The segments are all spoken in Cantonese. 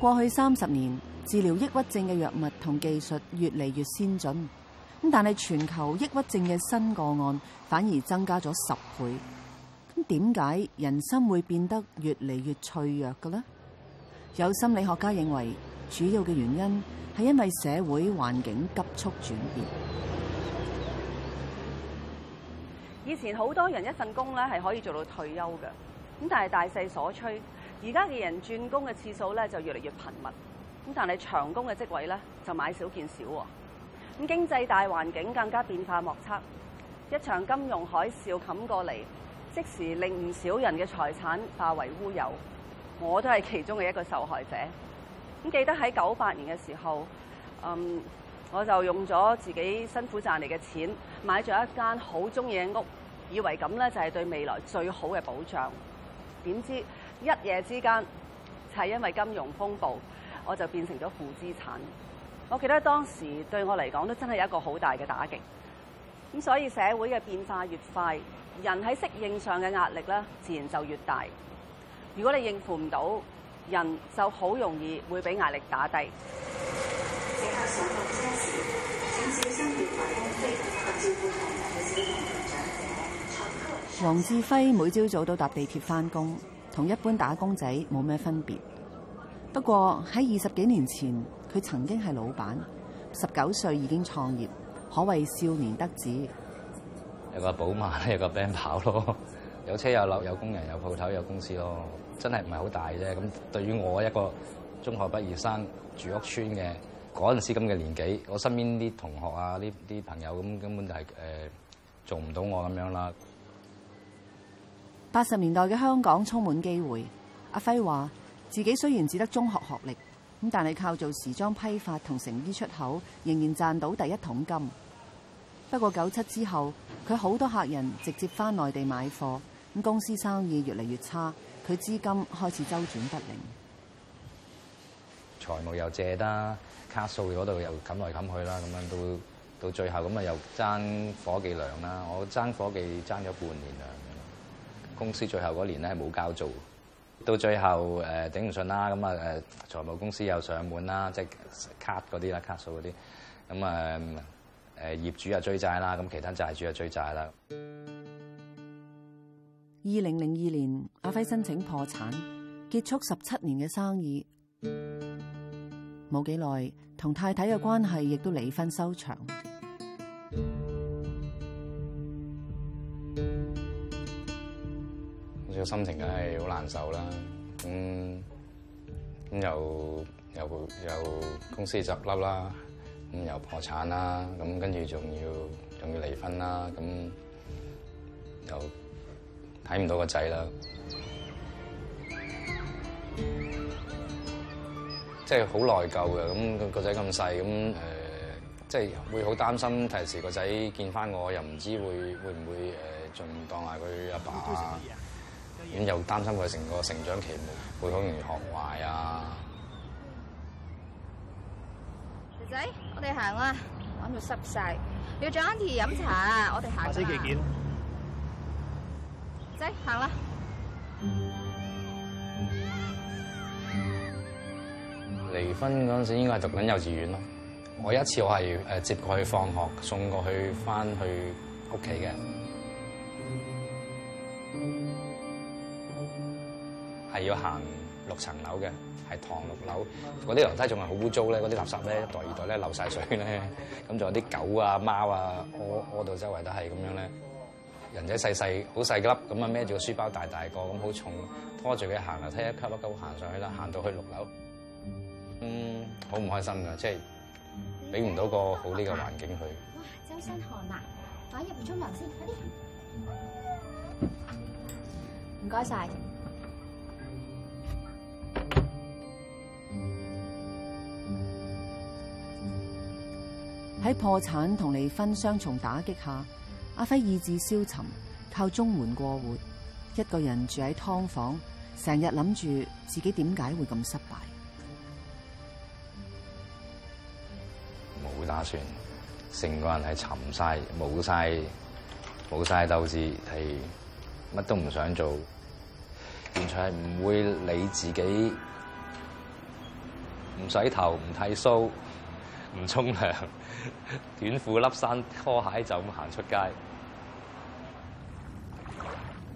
過去三十年，治療抑鬱症嘅藥物同技術越嚟越先進，但係全球抑鬱症嘅新個案反而增加咗十倍。咁點解人心會變得越嚟越脆弱嘅呢？有心理學家認為，主要嘅原因係因為社會環境急速轉變。以前好多人一份工咧係可以做到退休嘅，咁但係大勢所趨。而家嘅人轉工嘅次數咧就越嚟越頻密，咁但係長工嘅職位咧就買少見少喎。咁經濟大環境更加變化莫測，一場金融海嘯冚過嚟，即時令唔少人嘅財產化為烏有。我都係其中嘅一個受害者。咁記得喺九八年嘅時候，嗯，我就用咗自己辛苦賺嚟嘅錢買咗一間好鍾意嘅屋，以為咁咧就係對未來最好嘅保障。點知，一夜之間，就係因為金融風暴，我就變成咗負資產。我記得當時對我嚟講都真係一個好大嘅打擊。咁所以社會嘅變化越快，人喺適應上嘅壓力咧，自然就越大。如果你應付唔到，人就好容易會俾壓力打低。黃志輝每朝早都搭地鐵返工。同一般打工仔冇咩分別。不過喺二十幾年前，佢曾經係老闆，十九歲已經創業，可謂少年得志。有個寶馬，有個 ben 跑咯，有車有樓有工人有鋪頭有公司咯，真係唔係好大啫。咁對於我一個中學畢業生住屋邨嘅嗰陣時咁嘅年紀，我身邊啲同學啊，啲啲朋友咁，根本就係誒做唔到我咁樣啦。八十年代嘅香港充滿機會，阿輝話，自己雖然只得中學學歷，咁但係靠做時裝批發同成衣出口，仍然賺到第一桶金。不過九七之後，佢好多客人直接翻內地買貨，咁公司生意越嚟越差，佢資金開始周轉不靈，財務又借得，卡數嗰度又冚來冚去啦，咁樣到到最後咁啊又爭伙計糧啦！我爭伙計爭咗半年糧。公司最後嗰年咧係冇交租，到最後誒頂唔順啦，咁啊誒財務公司又上門啦，即係卡嗰啲啦，卡數嗰啲，咁啊誒業主又追債啦，咁其他債主又追債啦。二零零二年，阿輝申請破產，結束十七年嘅生意。冇幾耐，同太太嘅關係亦都離婚收場。個心情梗係好難受啦，咁咁又又又公司執笠啦，咁又破產啦，咁跟住仲要仲要離婚啦，咁又睇唔到個仔啦，即係好內疚嘅。咁個仔咁細，咁誒即係會好擔心，提時個仔見翻我又唔知會會唔會誒，仲、呃、當下佢阿爸，爸、啊咁又擔心佢成個成長期冇，會好容易學壞啊！仔，仔，我哋行啦，揾到濕晒。要張阿姨飲茶啊！我哋行啦。阿姐，件件。仔，行啦。離婚嗰陣時候應該係讀緊幼稚園咯，我一次我係誒接佢去放學，送過去翻去屋企嘅。係要行六層樓嘅，係唐六樓。嗰啲樓梯仲係好污糟咧，嗰啲垃圾咧一一一，袋二袋咧流晒水咧，咁仲有啲狗啊、貓啊，屙屙到周圍都係咁樣咧。人仔細細，好細粒，咁啊孭住個書包，大大個，咁好重，拖住佢行樓梯一級一級行上去啦，行到去六樓。嗯，好唔開心㗎，即係俾唔到個好呢個環境佢。哇，周身汗啊，快入去沖涼先，快啲。唔該晒！喺破產同離婚雙重打擊下，阿輝意志消沉，靠中門過活，一個人住喺劏房，成日諗住自己點解會咁失敗。冇打算，成個人係沉晒，冇晒，冇晒鬥志，係乜都唔想做，完全係唔會理自己，唔洗頭，唔剃鬚。唔沖涼，短褲笠衫拖鞋就咁行出街。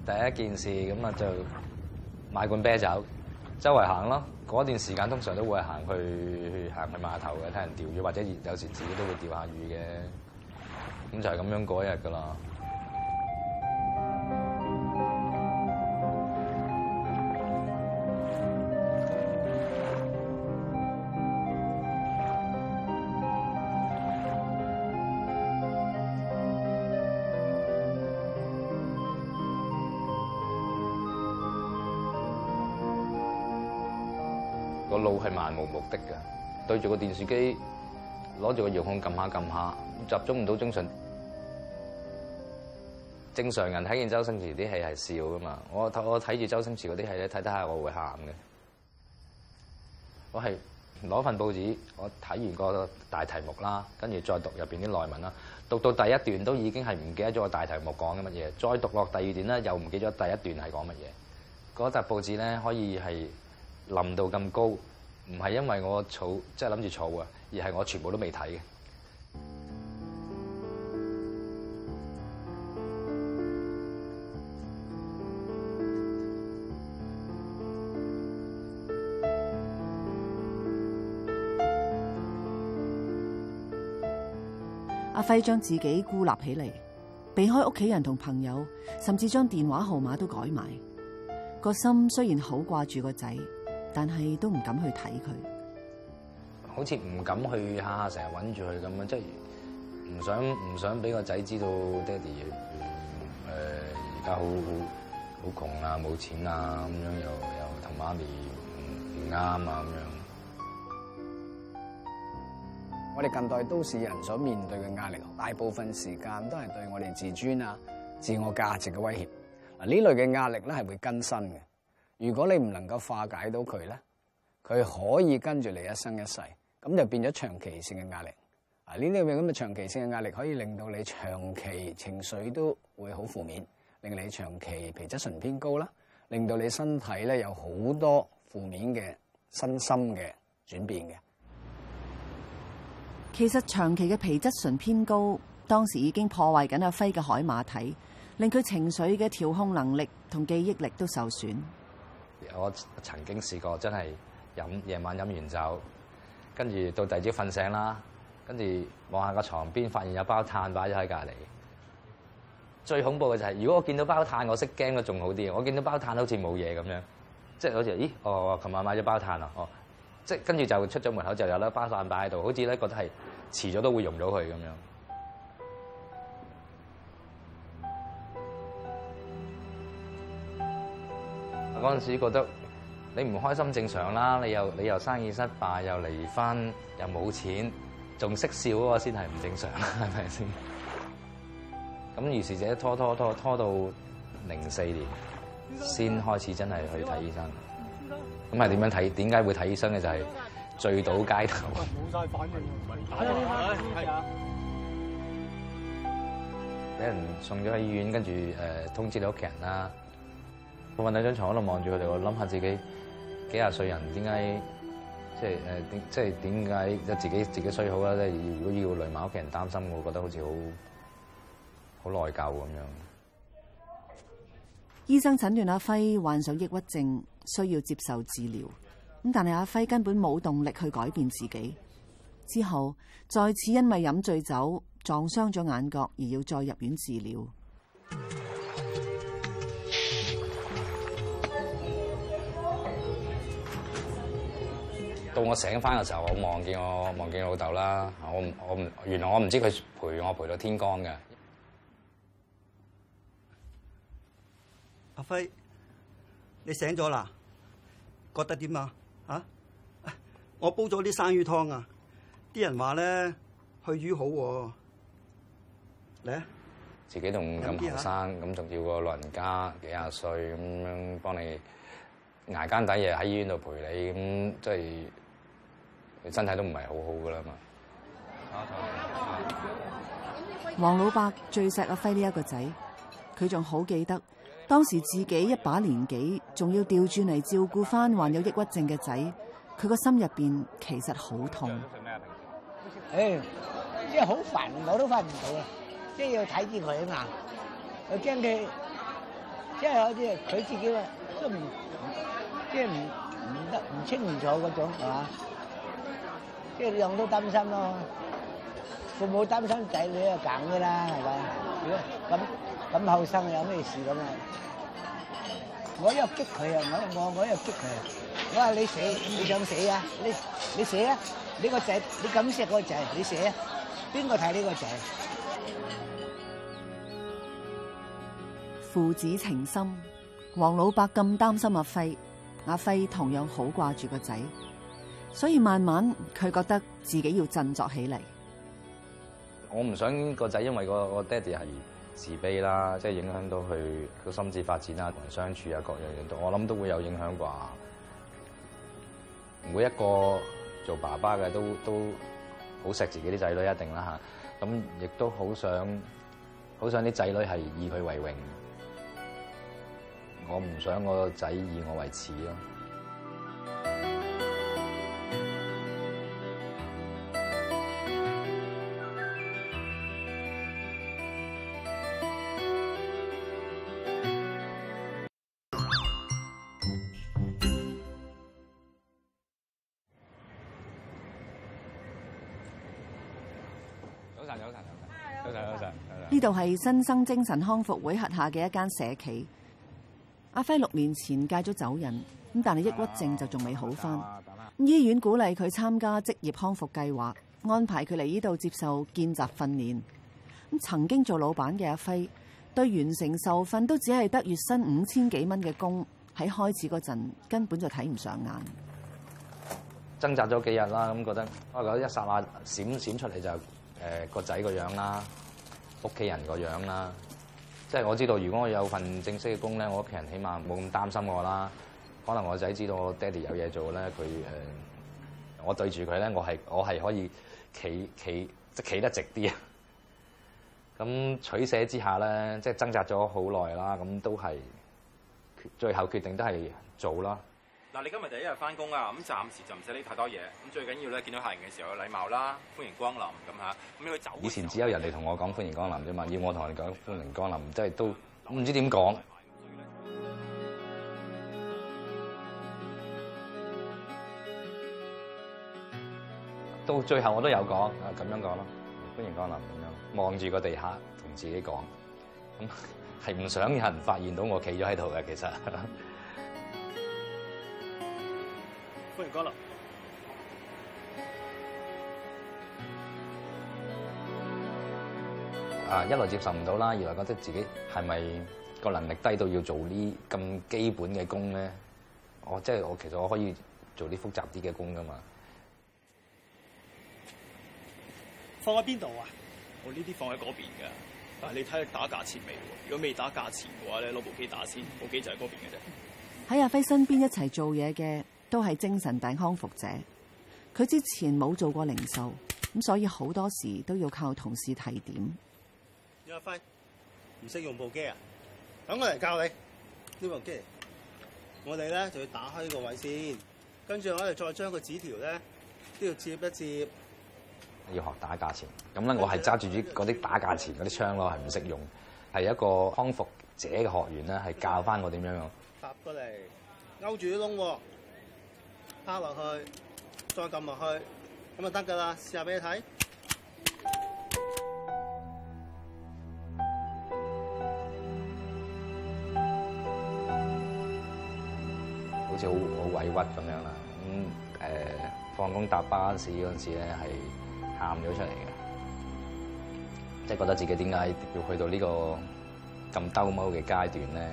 第一件事咁啊，就買罐啤酒，周圍行咯。嗰段時間通常都會行去去行去碼頭嘅睇人釣魚，或者有時自己都會釣下魚嘅。咁就係咁樣過一日噶啦。漫無目的嘅，對住個電視機攞住個遙控，撳下撳下，集中唔到精神。正常人睇見周星馳啲戲係笑㗎嘛。我睇我睇住周星馳嗰啲戲咧，睇睇下我會喊嘅。我係攞份報紙，我睇完個大題目啦，跟住再讀入邊啲內文啦。讀到第一段都已經係唔記得咗個大題目講緊乜嘢，再讀落第二段咧，又唔記咗第一段係講乜嘢。嗰沓報紙咧，可以係臨到咁高。唔係因為我儲，即係諗住儲啊，而係我全部都未睇嘅。阿輝將自己孤立起嚟，避開屋企人同朋友，甚至將電話號碼都改埋。個心雖然好掛住個仔。但係都唔敢去睇佢，好似唔敢去下下成日揾住佢咁樣，即係唔想唔想俾個仔知道爹哋誒而家好好好窮啊，冇錢啊咁樣，又又同媽咪唔唔啱啊咁樣。我哋近代都市人所面對嘅壓力，大部分時間都係對我哋自尊啊、自我價值嘅威脅。嗱，呢類嘅壓力咧係會更新嘅。如果你唔能夠化解到佢咧，佢可以跟住你一生一世，咁就變咗長期性嘅壓力。啊，呢啲咁嘅長期性嘅壓力可以令到你長期情緒都會好負面，令你長期皮質醇偏高啦，令到你身體咧有好多負面嘅身心嘅轉變嘅。其實長期嘅皮質醇偏高，當時已經破壞緊阿輝嘅海馬體，令佢情緒嘅調控能力同記憶力都受損。我曾經試過真係飲夜晚飲完酒，跟住到第二朝瞓醒啦，跟住望下個床邊，發現有包炭擺咗喺隔離。最恐怖嘅就係，如果我見到包炭，我識驚嘅仲好啲。我見到包炭好似冇嘢咁樣，即係好似咦，哦，琴晚買咗包炭啊，哦，即係跟住就出咗門口就有粒包炭擺喺度，好似咧覺得係遲早都會溶咗佢咁樣。嗰陣時覺得你唔開心正常啦，你又你又生意失敗，又離婚，又冇錢，仲識笑喎，先係唔正常，係咪先？咁於是者拖拖拖拖到零四年，先開始真係去睇醫生。咁係點樣睇？點解會睇醫生嘅就係、是、醉倒街頭，冇晒反應，打電話係啊，俾人送咗去醫院，跟住誒通知你屋企人啦。我瞓喺張床度望住佢哋，我諗下自己幾廿歲人點解，即係誒，即係點解即係自己自己衰好啦？即係如果要累埋屋企人擔心，我覺得好似好好內疚咁樣。醫生診斷阿輝患上抑鬱症，需要接受治療。咁但係阿輝根本冇動力去改變自己。之後再次因為飲醉酒撞傷咗眼角，而要再入院治療。到我醒返嘅時候，我望見我望見老豆啦。我唔我唔，原來我唔知佢陪我，我陪到天光嘅。阿輝，你醒咗啦？覺得點啊？嚇！我煲咗啲生魚湯啊！啲人話咧，去魚好你、啊、自己仲咁後生，咁仲、啊、要個老人家幾廿歲咁樣幫你捱更抵夜，喺醫院度陪你，咁即係。就是身體都唔係好好噶啦嘛。黃老伯最錫阿輝呢一個仔，佢仲好記得當時自己一把年紀，仲要調轉嚟照顧翻患有抑鬱症嘅仔，佢個心入邊其實好痛，欸。誒，即係好煩，我都瞓唔到啊！即係要睇住佢啊嘛，我驚佢即係有啲佢自己啊，即唔即係唔唔得唔清唔楚嗰種係嘛？即係你都擔心咯，父母擔心仔女又梗嘅啦，係咪？咁咁後生有咩事咁啊？我又激佢啊！我我我又激佢，我話你死，你想死啊？你你死啊？你個仔，你咁錫個仔？你死啊？邊個睇呢個仔？父子情深，黃老伯咁擔心阿輝，阿輝同樣好掛住個仔。所以慢慢佢覺得自己要振作起嚟。我唔想個仔因為個個爹哋係自卑啦，即係影響到佢個心智發展啦，同人相處啊各樣嘢都，我諗都會有影響啩。每一個做爸爸嘅都都好錫自己啲仔女一定啦吓，咁亦都好想好想啲仔女係以佢為榮。我唔想個仔以我為恥咯。呢度係新生精神康復會轄下嘅一間社企。阿輝六年前戒咗酒癮，咁但係抑鬱症就仲未好翻。咁醫院鼓勵佢參加職業康復計劃，安排佢嚟呢度接受見習訓練。咁曾經做老闆嘅阿輝，對完成受訓都只係得月薪五千幾蚊嘅工，喺開始嗰陣根本就睇唔上眼。掙扎咗幾日啦，咁覺得，我覺得一霎下閃閃出嚟，就誒個仔個樣啦。屋企人個樣啦，即係我知道，如果我有份正式嘅工咧，我屋企人起碼冇咁擔心我啦。可能我仔知道我爹哋有嘢做咧，佢誒，我對住佢咧，我係我係可以企企即企得直啲啊。咁取捨之下咧，即係掙扎咗好耐啦，咁都係最後決定都係做啦。嗱，你今日第一日翻工啊，咁暫時就唔使理太多嘢，咁最緊要咧見到客人嘅時候有禮貌啦，歡迎光臨，咁嚇，咁佢走。以前只有人哋同我講歡迎光臨啫嘛，要我同人講歡迎光臨，即係都唔知點講。到最後我都有講，啊咁樣講咯，歡迎光臨咁樣，望住個地下同自己講，咁係唔想有人發現到我企咗喺度嘅其實。歡迎光臨。啊，一來接受唔到啦，二來覺得自己係咪個能力低到要做呢咁基本嘅工咧？我即係我其實我可以做啲複雜啲嘅工噶嘛。放喺邊度啊？我呢啲放喺嗰邊噶。但係你睇下打價錢未？如果未打價錢嘅話咧，攞部機打先。部機就喺嗰邊嘅啫。喺阿輝身邊一齊做嘢嘅。都係精神病康復者，佢之前冇做過零售，咁所以好多時都要靠同事提點。阿輝唔識用部機啊？等我嚟教你呢部機。我哋咧就要打開呢個位先，跟住我哋再將個紙條咧都要接一接，要學打價錢咁咧，我係揸住啲嗰啲打價錢嗰啲槍咯，係唔識用，係一個康復者嘅學員咧，係教翻我點樣用。搭過嚟，勾住啲窿喎。趴落去，再撳落去，咁就得噶啦！試下俾你睇，好似好好委屈咁樣啦。咁、嗯、誒，放工搭巴士嗰陣時咧，係喊咗出嚟嘅，即係覺得自己點解要去到這個這的階段呢個咁兜踎嘅階段咧？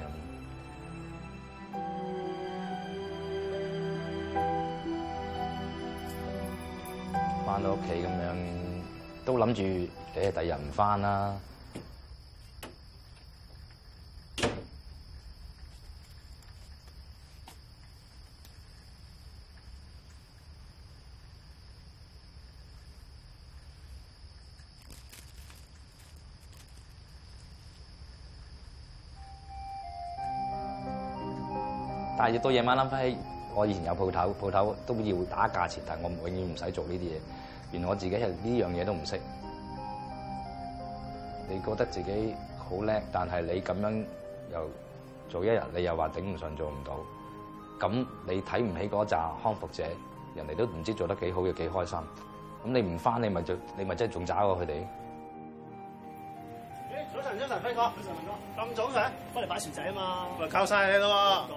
喺屋企咁樣都諗住誒，第日唔翻啦。但係亦到夜晚諗翻起，我以前有鋪頭，鋪頭都要打價錢，但係我永遠唔使做呢啲嘢。原來我自己係呢樣嘢都唔識。你覺得自己好叻，但係你咁樣又做一日，你又話頂唔順，做唔到。咁你睇唔起嗰紮康復者，人哋都唔知道做得幾好又幾開心。咁你唔翻，你咪就你咪真係仲渣過佢哋。早晨，早晨，輝哥，早晨文哥，咁早嘅？幫嚟擺船仔啊嘛。咪靠晒你咯喎！了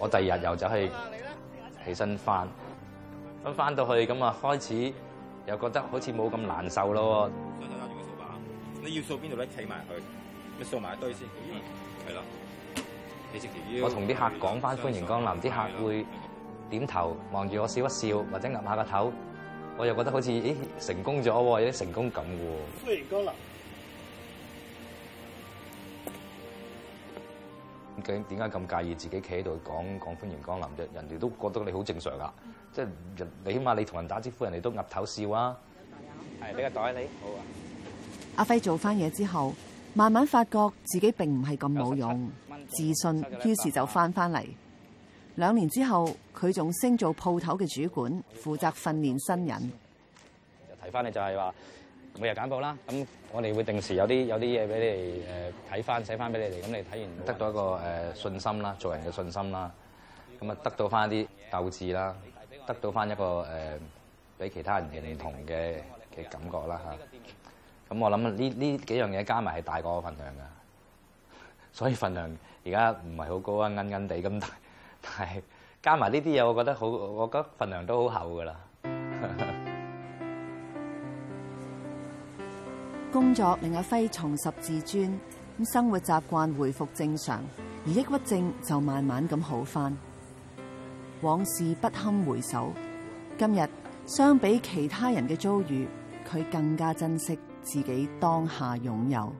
我第二日又走去起身翻，咁翻到去咁啊開始。又覺得好似冇咁難受咯。你要掃邊度咧？企埋佢，你掃埋一堆先。係啦，你之前我同啲客講翻歡迎光臨，啲客會點頭望住我笑一笑，或者岌下個頭，我又覺得好似咦、欸，成功咗喎，有啲成功感喎。歡迎光臨。究竟點解咁介意自己企喺度講講歡迎光臨啫？人哋都覺得你好正常啦，嗯、即係你起碼你同人打招呼，人哋都岌頭笑啊。係呢、這個袋你。好啊。阿輝做翻嘢之後，慢慢發覺自己並唔係咁冇用，有17，自信，於是就翻返嚟。兩、嗯、年之後，佢仲升做鋪頭嘅主管，負責訓練新人。睇翻你就係話。每日簡報啦，咁我哋會定時有啲有啲嘢俾你誒睇翻，寫翻俾你哋，咁你睇完得到一個誒、呃、信心啦，做人嘅信心啦，咁啊得到翻啲鬥志啦，得到翻一個誒俾、呃、其他人嘅認同嘅嘅感覺啦嚇。咁、啊、我諗呢呢幾樣嘢加埋係大過我嘅份量㗎，所以份量而家唔係好高啊，奀奀地咁，但但係加埋呢啲嘢，我覺得好，我覺得份量都好厚㗎啦。 工作令阿輝重拾自尊，生活習慣回復正常，而抑鬱症就慢慢咁好翻。往事不堪回首，今日相比其他人嘅遭遇，佢更加珍惜自己當下擁有。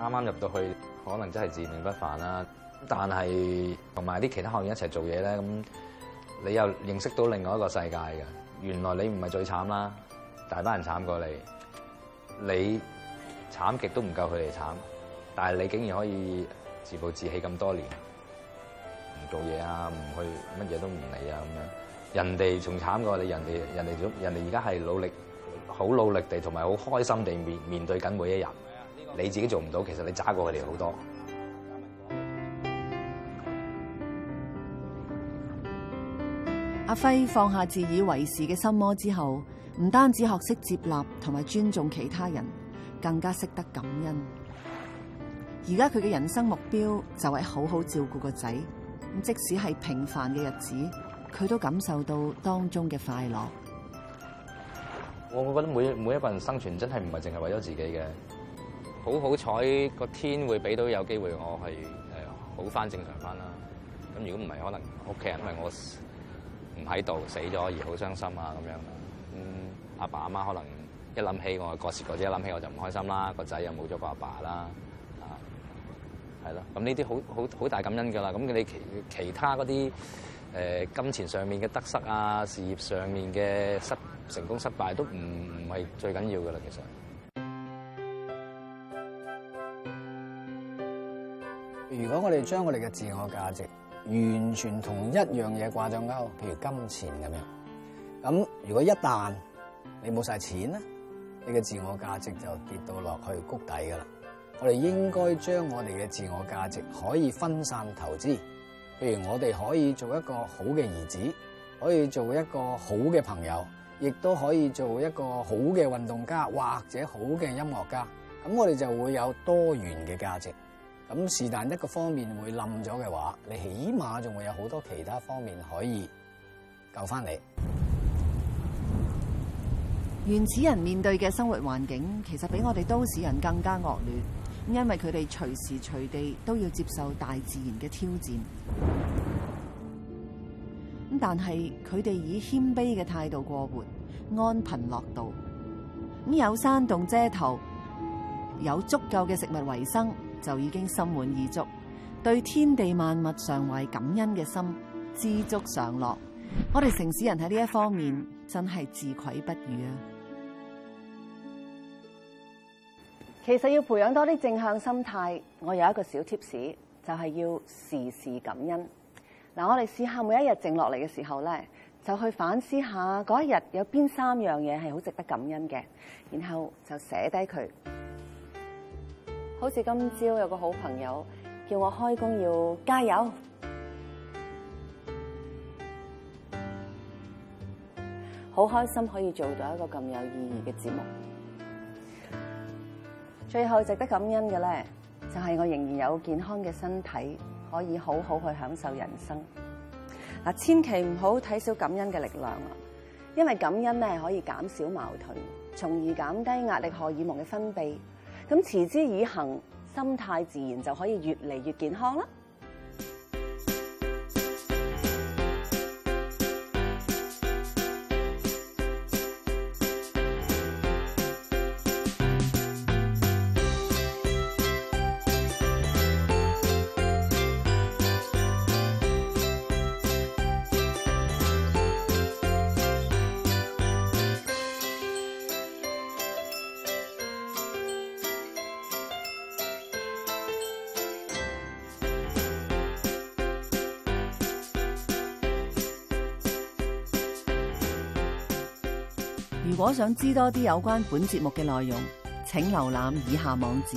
啱啱入到去，可能真係自命不凡啦，但係同埋啲其他學員一齊做嘢咧，咁你又認識到另外一個世界嘅。原來你唔係最慘啦，大班人慘過你，你慘極都唔夠佢哋慘，但係你竟然可以自暴自棄咁多年，唔做嘢啊，唔去乜嘢都唔理啊咁樣，人哋仲慘過你，人哋人哋仲人哋而家係努力，好努力地同埋好開心地面面對緊每一日，你自己做唔到，其實你渣過佢哋好多。阿輝放下自以為是嘅心魔之後，唔單止學識接納同埋尊重其他人，更加識得感恩。而家佢嘅人生目標就係好好照顧個仔。咁即使係平凡嘅日子，佢都感受到當中嘅快樂。我會覺得每每一個人生存真係唔係淨係為咗自己嘅。好好彩個天會俾到有機會，我係誒好翻正常翻啦。咁如果唔係，可能屋企人因我。唔喺度死咗而好傷心啊，咁樣嗯，阿爸阿媽，媽可能一諗起我，過時過節一諗起我就唔開心啦，個仔又冇咗個阿爸啦，啊，係咯，咁呢啲好好好大感恩噶啦，咁你其其他嗰啲，呃、金錢上面嘅得失啊，事業上面嘅失成功失敗都唔唔係最緊要噶啦，其實。如果我哋將我哋嘅自我價值完全同一樣嘢掛上鈎，譬如金錢咁樣。咁如果一旦你冇晒錢咧，你嘅自我價值就跌到落去谷底噶啦。我哋應該將我哋嘅自我價值可以分散投資，譬如我哋可以做一個好嘅兒子，可以做一個好嘅朋友，亦都可以做一個好嘅運動家或者好嘅音樂家。咁我哋就會有多元嘅價值。咁是但一個方面會冧咗嘅話，你起碼仲會有好多其他方面可以救翻你。原始人面對嘅生活環境其實比我哋都市人更加惡劣，因為佢哋隨時隨地都要接受大自然嘅挑戰。咁但係佢哋以謙卑嘅態度過活，安貧樂道。咁有山洞遮頭，有足夠嘅食物為生，就已經心滿意足，對天地萬物常懷感恩嘅心，知足常樂。我哋城市人喺呢一方面真係自愧不如啊！其實要培養多啲正向心態，我有一個小貼士，就係要時時感恩。嗱，我哋試下每一日靜落嚟嘅時候咧，就去反思下嗰一日有邊三樣嘢係好值得感恩嘅，然後就寫低佢。好似今朝有個好朋友叫我開工要加油，好開心可以做到一個咁有意義嘅節目。最後值得感恩嘅咧，就係我仍然有健康嘅身體，可以好好去享受人生。嗱，千祈唔好睇少感恩嘅力量啊，因為感恩咧可以減少矛盾，從而減低壓力荷爾蒙嘅分泌。咁持之以恆，心態自然就可以越嚟越健康啦。如果想知多啲有關本節目嘅內容，請瀏覽以下網址。